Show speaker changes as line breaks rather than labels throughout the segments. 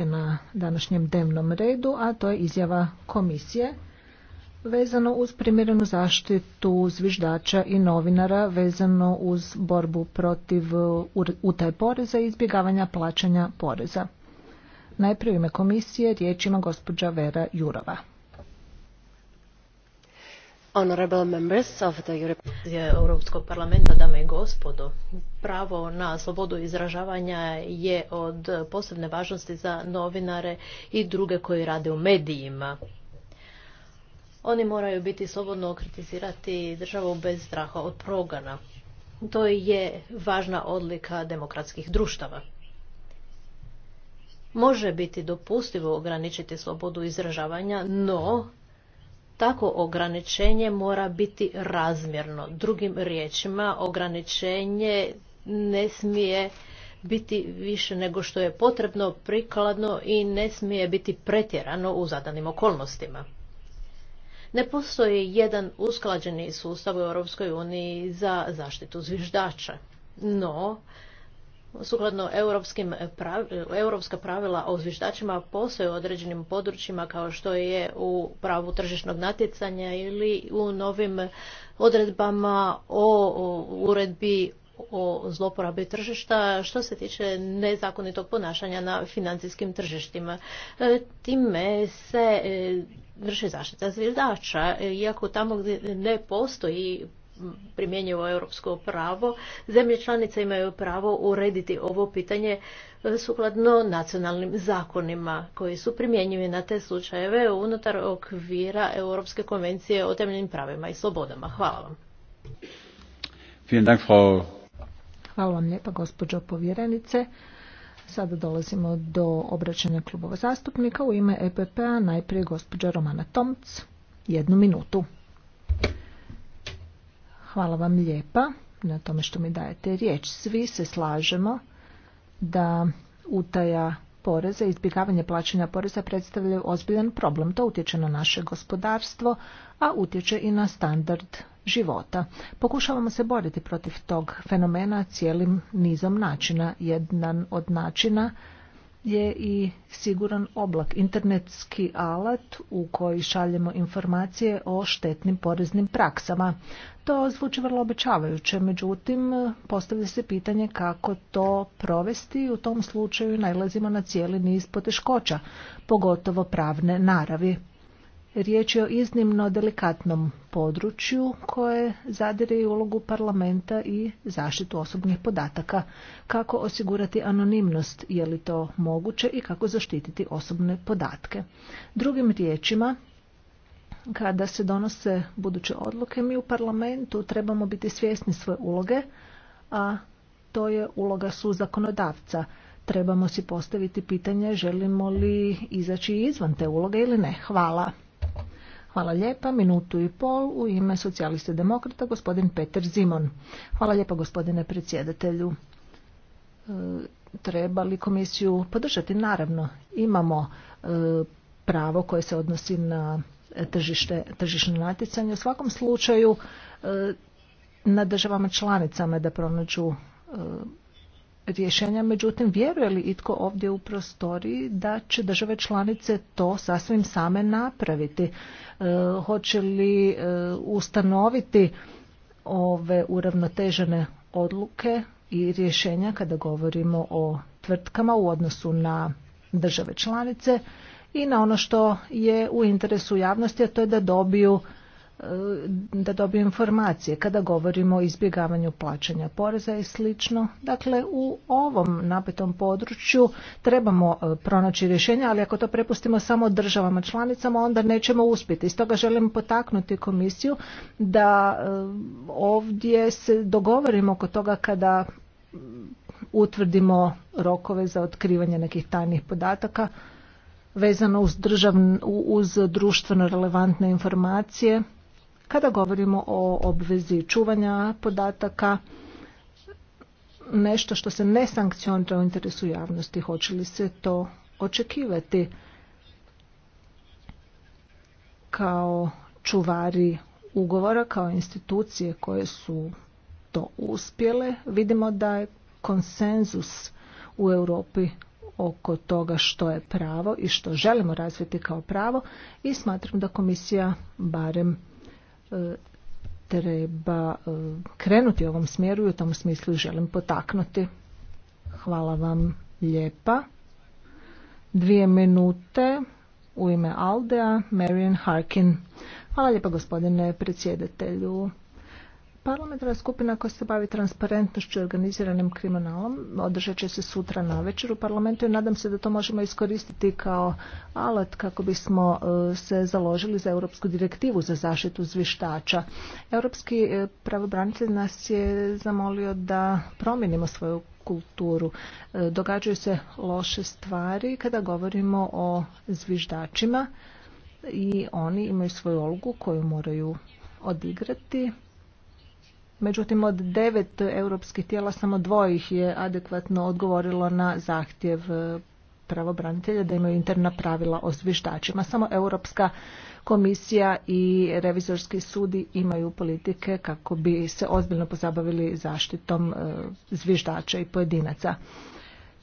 na današnjem dnevnom redu, a to je izjava komisije vezano uz primjerenu zaštitu zviždača i novinara vezano uz borbu protiv utaje poreza i izbjegavanja plaćanja poreza. Najprije u ime komisije riječ ima gospođa Vera Jurova.
Europskog parlamenta, dame i gospodo, pravo na slobodu izražavanja je od posebne važnosti za novinare i druge koji rade u medijima. Oni moraju biti slobodno kritizirati državu bez straha od progana. To je važna odlika demokratskih društava. Može biti dopustivo ograničiti slobodu izražavanja, no tako ograničenje mora biti razmjerno. Drugim riječima, ograničenje ne smije biti više nego što je potrebno, prikladno i ne smije biti pretjerano u zadanim okolnostima. Ne postoji jedan usklađeni sustav u Europskoj uniji za zaštitu zviždača, no Sukladno europskim europska pravila o zviždačima postoje u određenim područjima kao što je u pravu tržišnog natjecanja ili u novim odredbama o, o uredbi o zloporabi tržišta što se tiče nezakonitog ponašanja na financijskim tržištima. E, time se e, vrši zaštita zviždača, iako tamo gdje ne postoji primjenjivo europsko pravo, zemlje članice imaju pravo urediti ovo pitanje e, sukladno nacionalnim zakonima koji su primjenjivi na te slučajeve unutar okvira Europske konvencije o temeljnim pravima i slobodama. Hvala vam.
Hvala vam lijepa gospođo povjerenice. Sada dolazimo do obraćanja klubova zastupnika. U ime EPP-a najprije gospođa Romana Tomc. Jednu minutu. Hvala vam lijepa na tome što mi dajete riječ. Svi se slažemo da utaja poreza i izbjegavanje plaćanja poreza predstavljaju ozbiljan problem. To utječe na naše gospodarstvo, a utječe i na standard života. Pokušavamo se boriti protiv tog fenomena cijelim nizom načina. Jedan od načina je i siguran oblak, internetski alat u koji šaljemo informacije o štetnim poreznim praksama. To zvuči vrlo obećavajuće, međutim postavlja se pitanje kako to provesti i u tom slučaju najlazimo na cijeli niz poteškoća, pogotovo pravne naravi. Riječ je o iznimno delikatnom području koje zadire i ulogu parlamenta i zaštitu osobnih podataka. Kako osigurati anonimnost, je li to moguće i kako zaštititi osobne podatke. Drugim riječima, kada se donose buduće odluke, mi u parlamentu trebamo biti svjesni svoje uloge, a to je uloga su zakonodavca. Trebamo si postaviti pitanje želimo li izaći izvan te uloge ili ne. Hvala. Hvala lijepa. Minutu i pol u ime socijaliste demokrata gospodin Peter Zimon. Hvala lijepa gospodine predsjedatelju. E, treba li komisiju podržati? Naravno, imamo e, pravo koje se odnosi na tržište, tržišno natjecanje. U svakom slučaju e, na državama članicama da pronađu rješenja, međutim vjeruje li itko ovdje u prostoriji da će države članice to sasvim same napraviti? E, hoće li e, ustanoviti ove uravnotežene odluke i rješenja kada govorimo o tvrtkama u odnosu na države članice i na ono što je u interesu javnosti, a to je da dobiju E, da dobiju informacije kada govorimo o izbjegavanju plaćanja poreza i slično. Dakle, u ovom napetom području trebamo e, pronaći rješenja, ali ako to prepustimo samo državama članicama, onda nećemo uspjeti. Stoga želim potaknuti komisiju da e, ovdje se dogovorimo oko toga kada utvrdimo rokove za otkrivanje nekih tajnih podataka vezano uz, uz društveno relevantne informacije kada govorimo o obvezi čuvanja podataka, nešto što se ne sankcionira u interesu javnosti, hoće li se to očekivati kao čuvari ugovora, kao institucije koje su to uspjele. Vidimo da je konsenzus u Europi oko toga što je pravo i što želimo razviti kao pravo i smatram da komisija barem E, treba e, krenuti u ovom smjeru i u tom smislu želim potaknuti. Hvala vam lijepa. Dvije minute u ime Aldea, Marion Harkin. Hvala lijepa gospodine predsjedatelju. Parlamentarna skupina koja se bavi transparentnošću i organiziranim kriminalom održat će se sutra na večer u parlamentu i nadam se da to možemo iskoristiti kao alat kako bismo e, se založili za Europsku direktivu za zaštitu zvištača. Europski e, pravobranitelj nas je zamolio da promijenimo svoju kulturu. E, događaju se loše stvari kada govorimo o zviždačima i oni imaju svoju ulogu koju moraju odigrati Međutim, od devet europskih tijela samo dvojih je adekvatno odgovorilo na zahtjev e, pravobranitelja da imaju interna pravila o zviždačima. Samo Europska komisija i revizorski sudi imaju politike kako bi se ozbiljno pozabavili zaštitom e, zviždača i pojedinaca.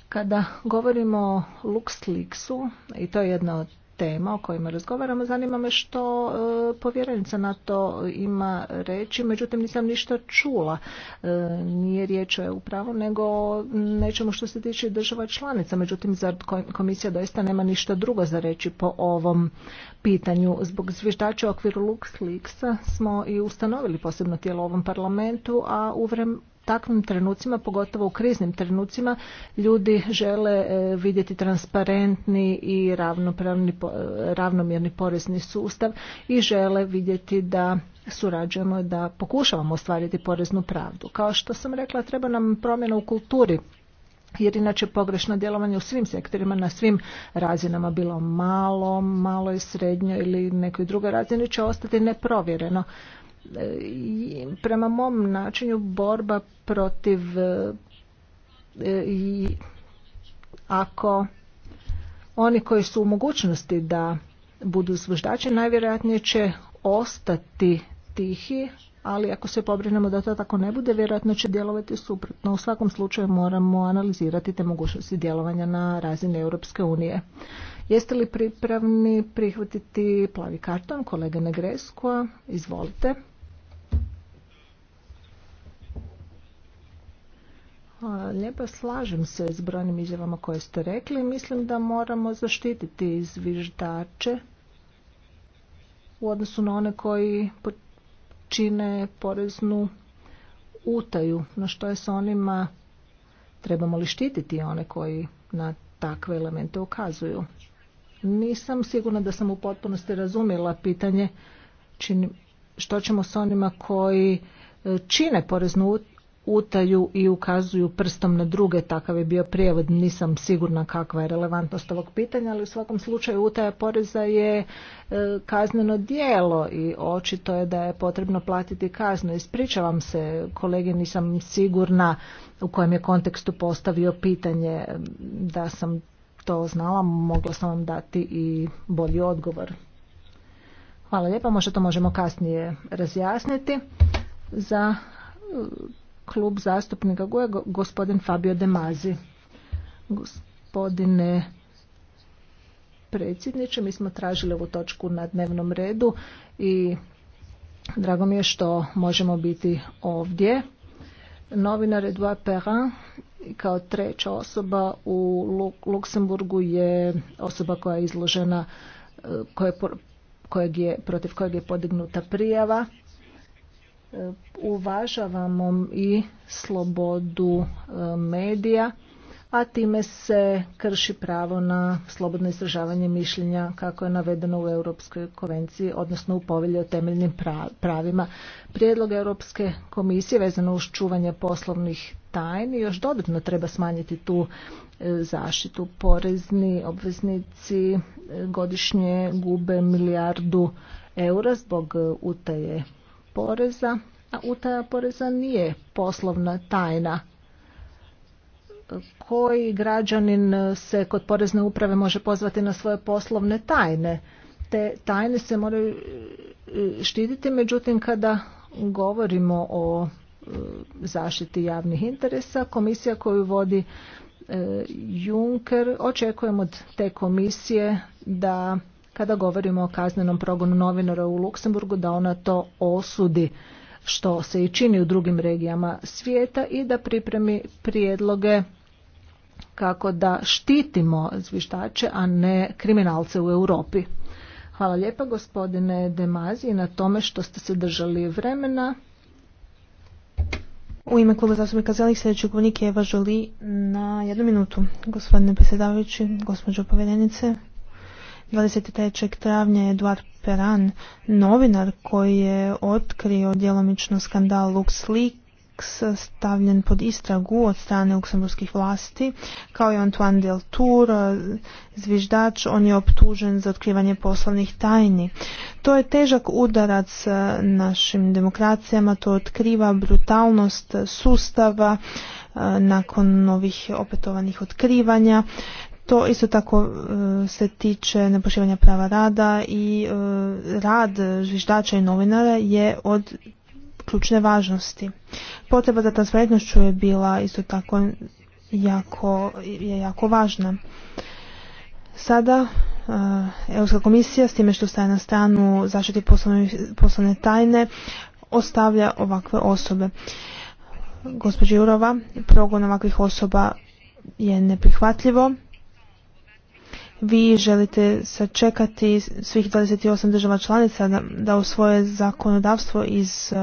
Kada govorimo o LuxLeaksu, i to je jedna od tema o kojima razgovaramo. Zanima me što e, povjerenica na to ima reći, međutim nisam ništa čula. E, nije riječ o upravo, nego nečemu što se tiče država članica. Međutim, zar komisija doista nema ništa drugo za reći po ovom pitanju. Zbog zviždača u okviru LuxLeaksa smo i ustanovili posebno tijelo u ovom parlamentu, a u takvim trenucima, pogotovo u kriznim trenucima, ljudi žele e, vidjeti transparentni i e, ravnomjerni porezni sustav i žele vidjeti da surađujemo da pokušavamo ostvariti poreznu pravdu. Kao što sam rekla, treba nam promjena u kulturi jer inače pogrešno djelovanje u svim sektorima, na svim razinama, bilo malo, malo i srednjo ili nekoj drugoj razini će ostati neprovjereno prema mom načinu borba protiv e, i ako oni koji su u mogućnosti da budu zviždači najvjerojatnije će ostati tihi, ali ako se pobrinemo da to tako ne bude, vjerojatno će djelovati suprotno. U svakom slučaju moramo analizirati te mogućnosti djelovanja na razini Europske unije. Jeste li pripravni prihvatiti plavi karton kolege Negreskoa? Izvolite. Hvala lijepa, slažem se s brojnim izjavama koje ste rekli. Mislim da moramo zaštititi zviždače u odnosu na one koji čine poreznu utaju. Na što je s onima, trebamo li štititi one koji na takve elemente ukazuju? Nisam sigurna da sam u potpunosti razumjela pitanje što ćemo s onima koji e, čine poreznu utaju i ukazuju prstom na druge, takav je bio prijevod, nisam sigurna kakva je relevantnost ovog pitanja, ali u svakom slučaju utaja poreza je e, kazneno dijelo i očito je da je potrebno platiti kaznu. Ispričavam se, kolege, nisam sigurna u kojem je kontekstu postavio pitanje da sam to znala, mogla sam vam dati i bolji odgovor. Hvala lijepa, možda to možemo kasnije razjasniti. Za e, klub zastupnika gospodin Fabio De Mazi. Gospodine predsjedniče, mi smo tražili ovu točku na dnevnom redu i drago mi je što možemo biti ovdje. Novinar Edouard Perrin kao treća osoba u Luksemburgu je osoba koja je izložena, e, kojeg je, protiv kojeg je podignuta prijava uvažavamo i slobodu e, medija, a time se krši pravo na slobodno izražavanje mišljenja kako je navedeno u Europskoj konvenciji, odnosno u povelji o temeljnim pravima. Prijedlog Europske komisije vezano uz čuvanje poslovnih tajni još dodatno treba smanjiti tu e, zaštitu. Porezni obveznici e, godišnje gube milijardu eura zbog utaje poreza, a utaja poreza nije poslovna tajna. Koji građanin se kod porezne uprave može pozvati na svoje poslovne tajne? Te tajne se moraju e, štititi, međutim kada govorimo o e, zaštiti javnih interesa, komisija koju vodi e, Juncker, očekujemo od te komisije da kada govorimo o kaznenom progonu novinara u Luksemburgu da ona to osudi što se i čini u drugim regijama svijeta i da pripremi prijedloge kako da štitimo zvištače, a ne kriminalce u Europi. Hvala lijepa gospodine Demazi na tome što ste se držali vremena.
U ime kluba zastupnika Zelih sljedeći govornik je Eva na jednu minutu. Gospodine predsjedavajući, gospođo povedenice. 23. travnja je Eduard Peran, novinar koji je otkrio djelomično skandal LuxLeaks, stavljen pod istragu od strane luksemburskih vlasti, kao i Antoine Tour. zviždač, on je optužen za otkrivanje poslovnih tajni. To je težak udarac e, našim demokracijama, to otkriva brutalnost sustava, e, nakon novih opetovanih otkrivanja. To isto tako e, se tiče nepoštivanja prava rada i e, rad zviždača i novinara je od ključne važnosti. Potreba za transparentnošću je bila isto tako jako, je jako važna. Sada e, Europska komisija s time što staje na stranu zaštiti poslovne, poslovne tajne ostavlja ovakve osobe. Gospođa Jurova, progon ovakvih osoba je neprihvatljivo vi želite sačekati svih 28 država članica da, u svoje zakonodavstvo iz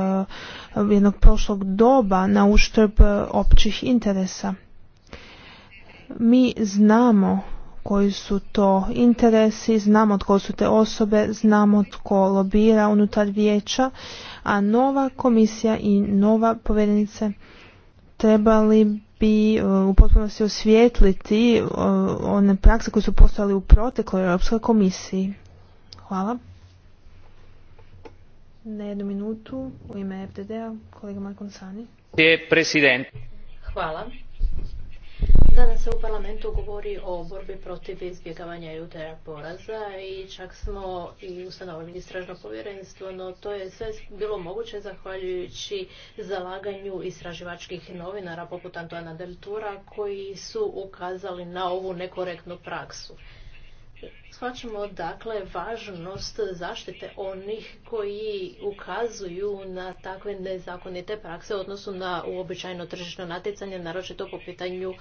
uh, jednog prošlog doba na uštrb uh, općih interesa. Mi znamo koji su to interesi, znamo tko su te osobe, znamo tko lobira unutar vijeća, a nova komisija i nova povjerenice trebali bi e, u potpunosti osvijetliti e, one prakse koje su postojale u protekloj Europskoj komisiji. Hvala. Na jednu minutu u ime FDD-a kolega Marko Sani.
Hvala. Danas se u parlamentu govori o borbi protiv izbjegavanja i poraza i čak smo i ustanovili istražno povjerenstvo, no to je sve bilo moguće zahvaljujući zalaganju istraživačkih novinara poput Antoana Deltura koji su ukazali na ovu nekorektnu praksu. Shvaćamo dakle važnost zaštite onih koji ukazuju na takve nezakonite prakse u odnosu na uobičajeno tržišno natjecanje, naročito po pitanju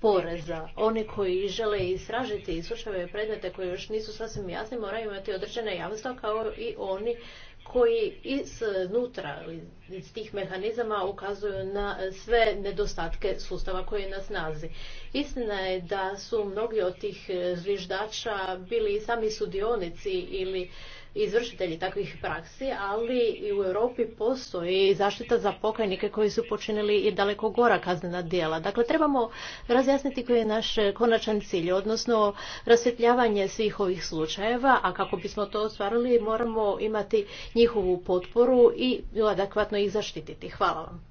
poreza. Oni koji žele istražiti i slučajeve predmete koji još nisu sasvim jasni moraju imati određene jamstva kao i oni koji iznutra iz tih mehanizama ukazuju na sve nedostatke sustava koji je na snazi. Istina je da su mnogi od tih zviždača bili sami sudionici ili izvršitelji takvih praksi, ali i u Europi postoji zaštita za pokajnike koji su počinili i daleko gora kaznena djela. Dakle, trebamo razjasniti koji je naš konačan cilj, odnosno rasvjetljavanje svih ovih slučajeva, a kako bismo to ostvarili moramo imati njihovu potporu i adekvatno ih zaštititi. Hvala vam.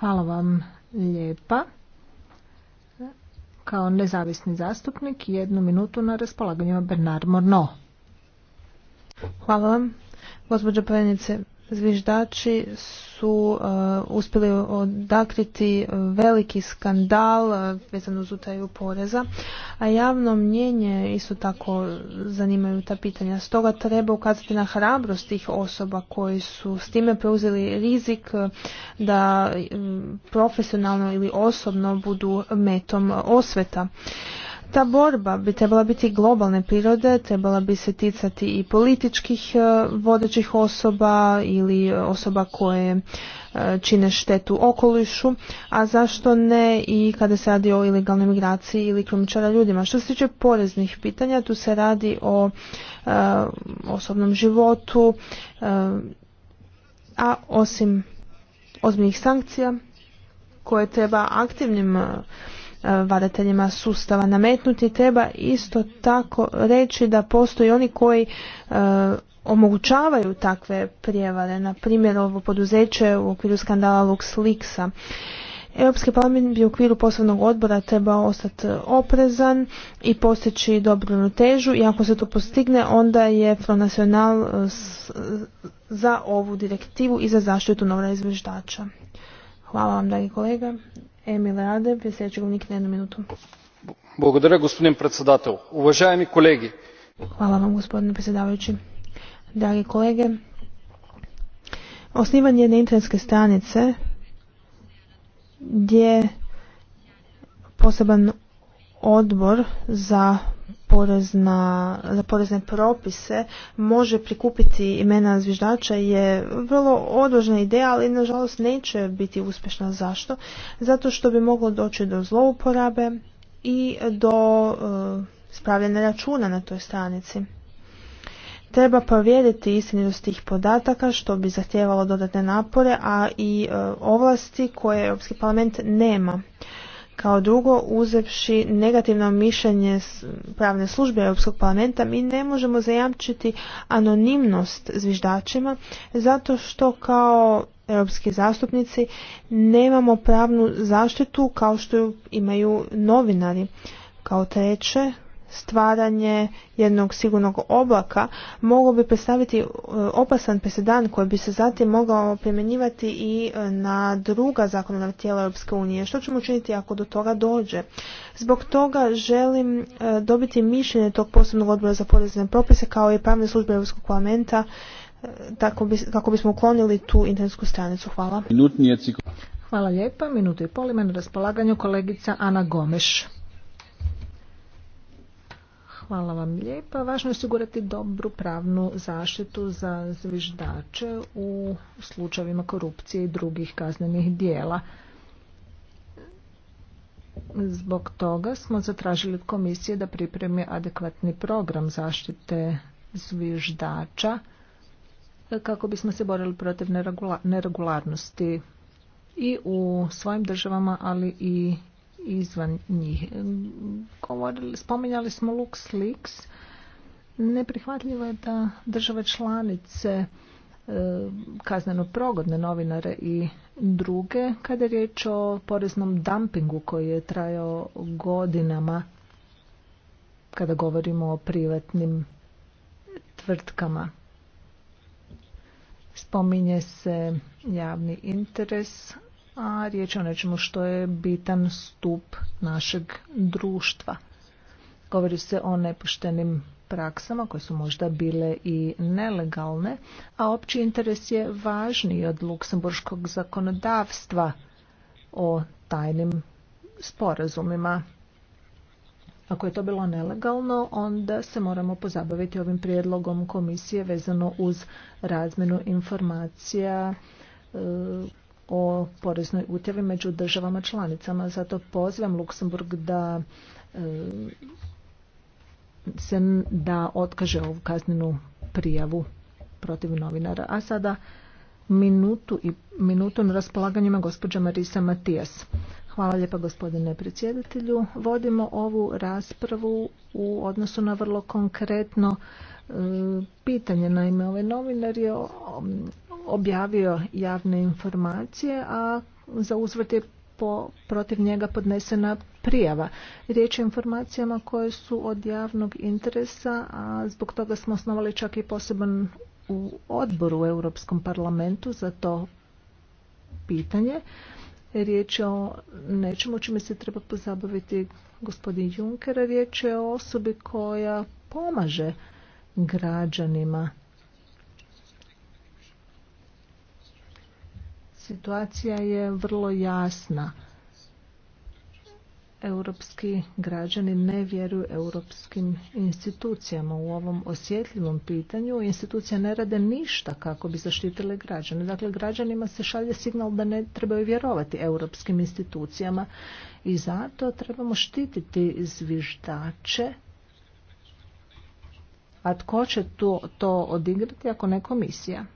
Hvala vam lijepa kao nezavisni zastupnik i jednu minutu na raspolaganju Bernard Morneau.
Hvala vam. Gospođo Pojenice, zviždači su uh, uspjeli odakriti veliki skandal uh, vezan uz utaju poreza, a javno mnjenje isto tako zanimaju ta pitanja. Stoga treba ukazati na hrabrost tih osoba koji su s time preuzeli rizik uh, da um, profesionalno ili osobno budu metom osveta. Ta borba bi trebala biti globalne prirode, trebala bi se ticati i političkih e, vodećih osoba ili osoba koje e, čine štetu okolišu, a zašto ne i kada se radi o ilegalnoj migraciji ili kromčara ljudima. Što se tiče poreznih pitanja, tu se radi o e, osobnom životu, a osim ozbiljnih sankcija koje treba aktivnim vadateljima sustava nametnuti. Treba isto tako reći da postoji oni koji e, omogućavaju takve prijevare. Na primjer, ovo poduzeće u okviru skandala LuxLeaksa. Europski parlament bi u okviru poslovnog odbora trebao ostati oprezan i postići dobru težu i ako se to postigne onda je Pronacional e, za ovu direktivu i za zaštitu novra izveždača. Hvala vam, dragi kolega. Емил Радев е следващия говорник на една минута. Благодаря, господин председател. Уважаеми колеги. Hvala vam, gospodine predsjedavajući. Dragi kolege, osnivanje jedne internetske stranice gdje poseban odbor za porezna, za porezne propise može prikupiti imena zviždača je vrlo odložna ideja, ali nažalost neće biti uspješna. Zašto? Zato što bi moglo doći do zlouporabe i do e, spravljanja računa na toj stranici. Treba provjeriti istinitost tih podataka što bi zahtijevalo dodatne napore, a i e, ovlasti koje Europski parlament nema. Kao drugo, uzevši negativno mišljenje pravne službe Europskog parlamenta, mi ne možemo zajamčiti anonimnost zviždačima zato što kao europski zastupnici nemamo pravnu zaštitu kao što ju imaju novinari. Kao treće, stvaranje jednog sigurnog oblaka mogao bi predstaviti e, opasan presedan koji bi se zatim mogao primjenjivati i e, na druga zakonodavna tijela Europske unije. Što ćemo učiniti ako do toga dođe? Zbog toga želim e, dobiti mišljenje tog posebnog odbora za porezne propise kao i pravne službe Europskog parlamenta kako bismo uklonili tu internetsku stranicu. Hvala.
Hvala lijepa. Minutu i pol raspolaganju kolegica Ana Gomeš. Hvala vam lijepa. Važno je osigurati dobru pravnu zaštitu za zviždače u slučajevima korupcije i drugih kaznenih dijela. Zbog toga smo zatražili od komisije da pripremi adekvatni program zaštite zviždača kako bismo se borili protiv neregularnosti i u svojim državama, ali i izvan njih. spominjali smo LuxLeaks. Neprihvatljivo je da države članice e, kazneno progodne novinare i druge kada je riječ o poreznom dumpingu koji je trajao godinama kada govorimo o privatnim tvrtkama. Spominje se javni interes, a riječ je o nečemu što je bitan stup našeg društva. Govori se o nepoštenim praksama koje su možda bile i nelegalne, a opći interes je važniji od luksemburškog zakonodavstva o tajnim sporazumima. Ako je to bilo nelegalno, onda se moramo pozabaviti ovim prijedlogom komisije vezano uz razmjenu informacija e, o poreznoj utjevi među državama članicama. Zato pozivam Luksemburg da e, se da otkaže ovu kaznenu prijavu protiv novinara. A sada minutu i minutu na raspolaganjima gospođa Marisa Matijas. Hvala lijepa gospodine predsjedatelju. Vodimo ovu raspravu u odnosu na vrlo konkretno e, pitanje. Naime, ovaj novinar je objavio javne informacije, a za uzvrt je protiv njega podnesena prijava. Riječ je o informacijama koje su od javnog interesa, a zbog toga smo osnovali čak i poseban u odboru u Europskom parlamentu za to pitanje. Riječ je o nečemu čime se treba pozabaviti gospodin Juncker, riječ je o osobi koja pomaže građanima situacija je vrlo jasna. Europski građani ne vjeruju europskim institucijama u ovom osjetljivom pitanju. Institucije ne rade ništa kako bi zaštitile građane. Dakle, građanima se šalje signal da ne trebaju vjerovati europskim institucijama i zato trebamo štititi zviždače. A tko će to, to odigrati ako ne komisija?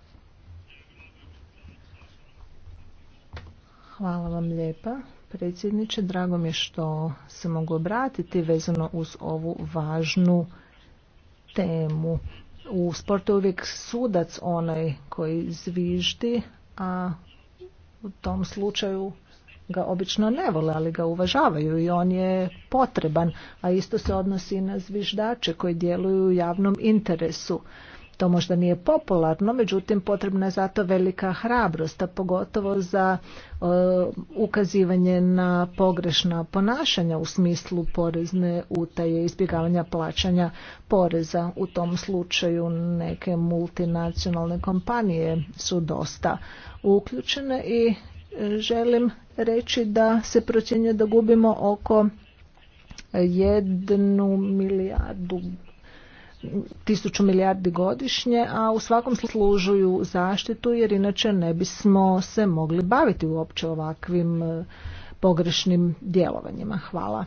Hvala vam lijepa, predsjedniče. Drago mi je što se mogu obratiti vezano uz ovu važnu temu. U sportu je uvijek sudac onaj koji zviždi, a u tom slučaju ga obično ne vole, ali ga uvažavaju i on je potreban, a isto se odnosi i na zviždače koji djeluju u javnom interesu. To možda nije popularno, međutim potrebna je zato velika hrabrost, a pogotovo za e, ukazivanje na pogrešna ponašanja u smislu porezne utaje, izbjegavanja plaćanja poreza. U tom slučaju neke multinacionalne kompanije su dosta uključene i e, želim reći da se procjenjuje da gubimo oko jednu milijardu tisuću milijardi godišnje, a u svakom služuju zaštitu jer inače ne bismo se mogli baviti uopće ovakvim e, pogrešnim djelovanjima. Hvala.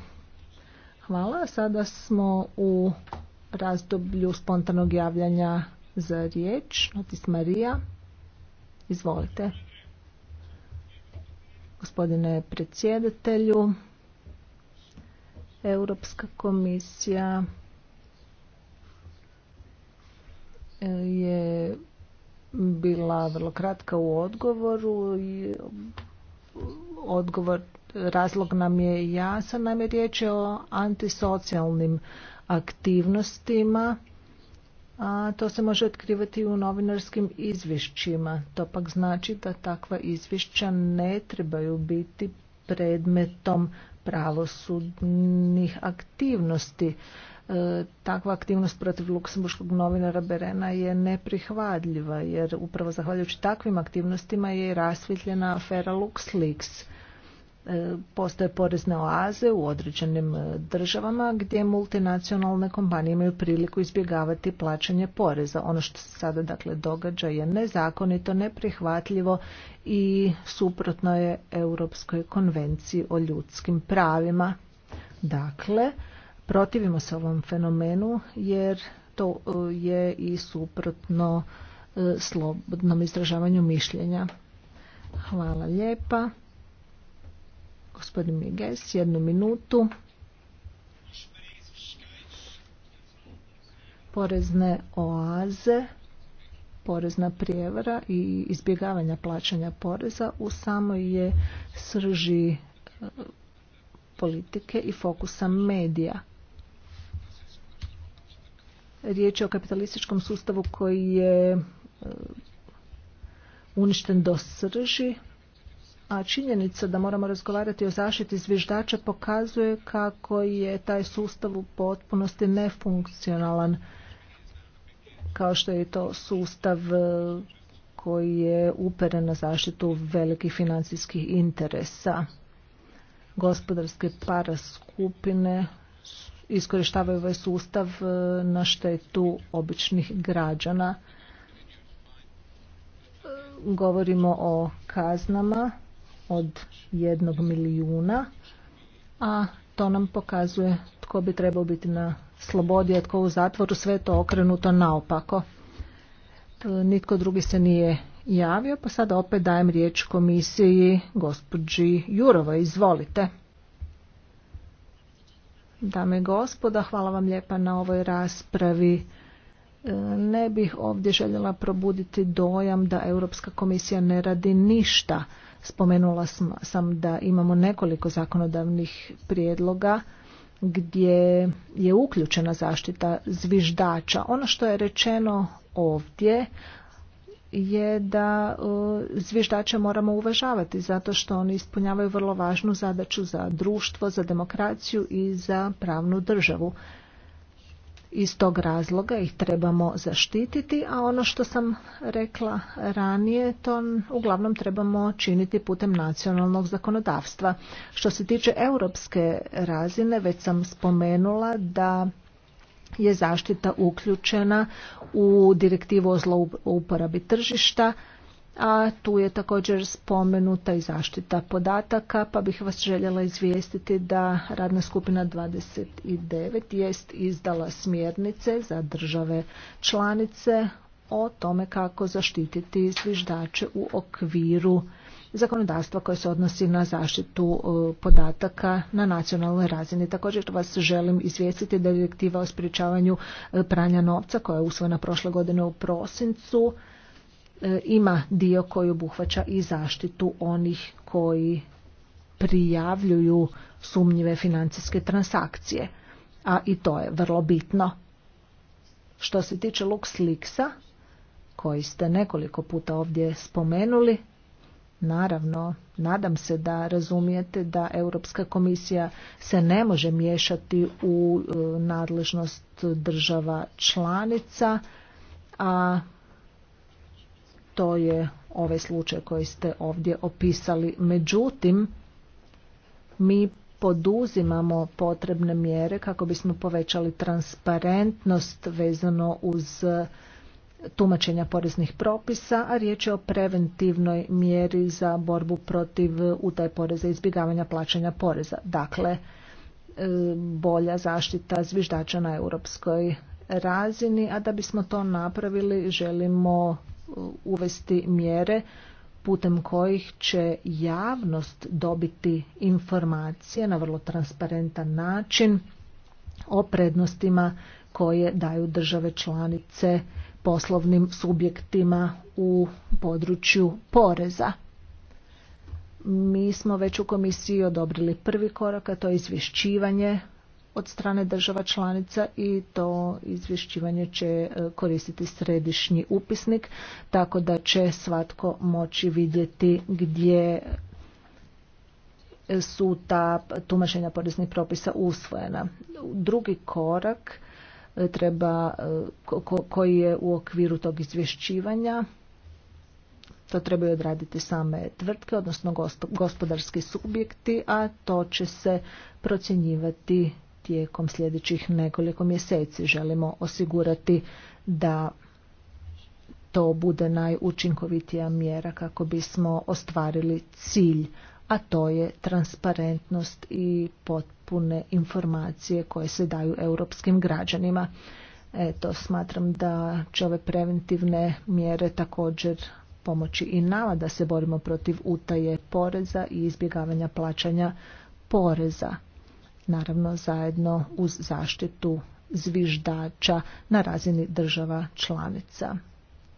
Hvala. Sada smo u razdoblju spontanog javljanja za riječ. Notis Marija, izvolite. Gospodine predsjedatelju, Europska komisija E, je bila vrlo kratka u odgovoru i odgovor razlog nam je jasan, nam je riječ o antisocijalnim aktivnostima, a to se može otkrivati u novinarskim izvješćima. To pak znači da takva izvješća ne trebaju biti predmetom pravosudnih aktivnosti. E, takva aktivnost protiv luksemburškog novinara Berena je neprihvadljiva jer upravo zahvaljujući takvim aktivnostima je i rasvjetljena afera LuxLeaks. E, postoje porezne oaze u određenim e, državama gdje multinacionalne kompanije imaju priliku izbjegavati plaćanje poreza. Ono što se sada dakle događa je nezakonito, neprihvatljivo i suprotno je Europskoj konvenciji o ljudskim pravima. Dakle, protivimo se ovom fenomenu jer to e, je i suprotno e, slobodnom izražavanju mišljenja. Hvala lijepa. Gospodin Miges, jednu minutu. Porezne oaze, porezna prijevara i izbjegavanja plaćanja poreza u samoj je srži e, politike i fokusa medija. Riječ je o kapitalističkom sustavu koji je e, uništen do srži, a činjenica da moramo razgovarati o zaštiti zviždača pokazuje kako je taj sustav u potpunosti nefunkcionalan, kao što je to sustav e, koji je uperen na zaštitu velikih financijskih interesa. Gospodarske paraskupine iskorištavaju ovaj sustav e, na štetu običnih građana. E, govorimo o kaznama od jednog milijuna, a to nam pokazuje tko bi trebao biti na slobodi, a tko u zatvoru, sve je to okrenuto naopako. E, nitko drugi se nije javio, pa sada opet dajem riječ komisiji gospođi Jurova. Izvolite. Dame i gospoda, hvala vam lijepa na ovoj raspravi. E, ne bih ovdje željela probuditi dojam da Europska komisija ne radi ništa. Spomenula sam da imamo nekoliko zakonodavnih prijedloga gdje je uključena zaštita zviždača. Ono što je rečeno ovdje, je da e, zviždače moramo uvažavati zato što oni ispunjavaju vrlo važnu zadaću za društvo, za demokraciju i za pravnu državu. Iz tog razloga ih trebamo zaštititi, a ono što sam rekla ranije, to uglavnom trebamo činiti putem nacionalnog zakonodavstva. Što se tiče europske razine, već sam spomenula da je zaštita uključena u direktivu o zlouporabi tržišta, a tu je također spomenuta i zaštita podataka, pa bih vas željela izvijestiti da radna skupina 29 jest izdala smjernice za države članice o tome kako zaštititi zviždače u okviru zakonodavstva koje se odnosi na zaštitu e, podataka na nacionalnoj razini. Također vas želim izvijestiti da direktiva o sprječavanju e, pranja novca koja je usvojena prošle godine u prosincu e, ima dio koji obuhvaća i zaštitu onih koji prijavljuju sumnjive financijske transakcije. A i to je vrlo bitno. Što se tiče LuxLeaksa, koji ste nekoliko puta ovdje spomenuli, Naravno, nadam se da razumijete da Europska komisija se ne može miješati u e, nadležnost država članica, a to je ovaj slučaj koji ste ovdje opisali. Međutim, mi poduzimamo potrebne mjere kako bismo povećali transparentnost vezano uz tumačenja poreznih propisa, a riječ je o preventivnoj mjeri za borbu protiv utaje poreza i izbjegavanja plaćanja poreza. Dakle, e, bolja zaštita zviždača na europskoj razini, a da bismo to napravili želimo e, uvesti mjere putem kojih će javnost dobiti informacije na vrlo transparentan način o prednostima koje daju države članice poslovnim subjektima u području poreza. Mi smo već u komisiji odobrili prvi korak, a to je izvješćivanje od strane država članica i to izvješćivanje će e, koristiti središnji upisnik, tako da će svatko moći vidjeti gdje e, su ta tumačenja poreznih propisa usvojena. Drugi korak treba, e, koji je u okviru tog izvješćivanja. To trebaju odraditi same tvrtke, odnosno gospodarski subjekti, a to će se procjenjivati tijekom sljedećih nekoliko mjeseci. Želimo osigurati da to bude najučinkovitija mjera kako bismo ostvarili cilj a to je transparentnost i potpune informacije koje se daju europskim građanima. Eto, smatram da će ove preventivne mjere također pomoći i nama da se borimo protiv utaje poreza i izbjegavanja plaćanja poreza. Naravno, zajedno uz zaštitu zviždača na razini država članica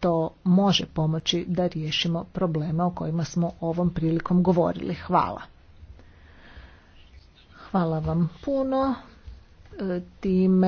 to može pomoći da riješimo problema o kojima smo ovom prilikom govorili. Hvala. Hvala vam puno. E, time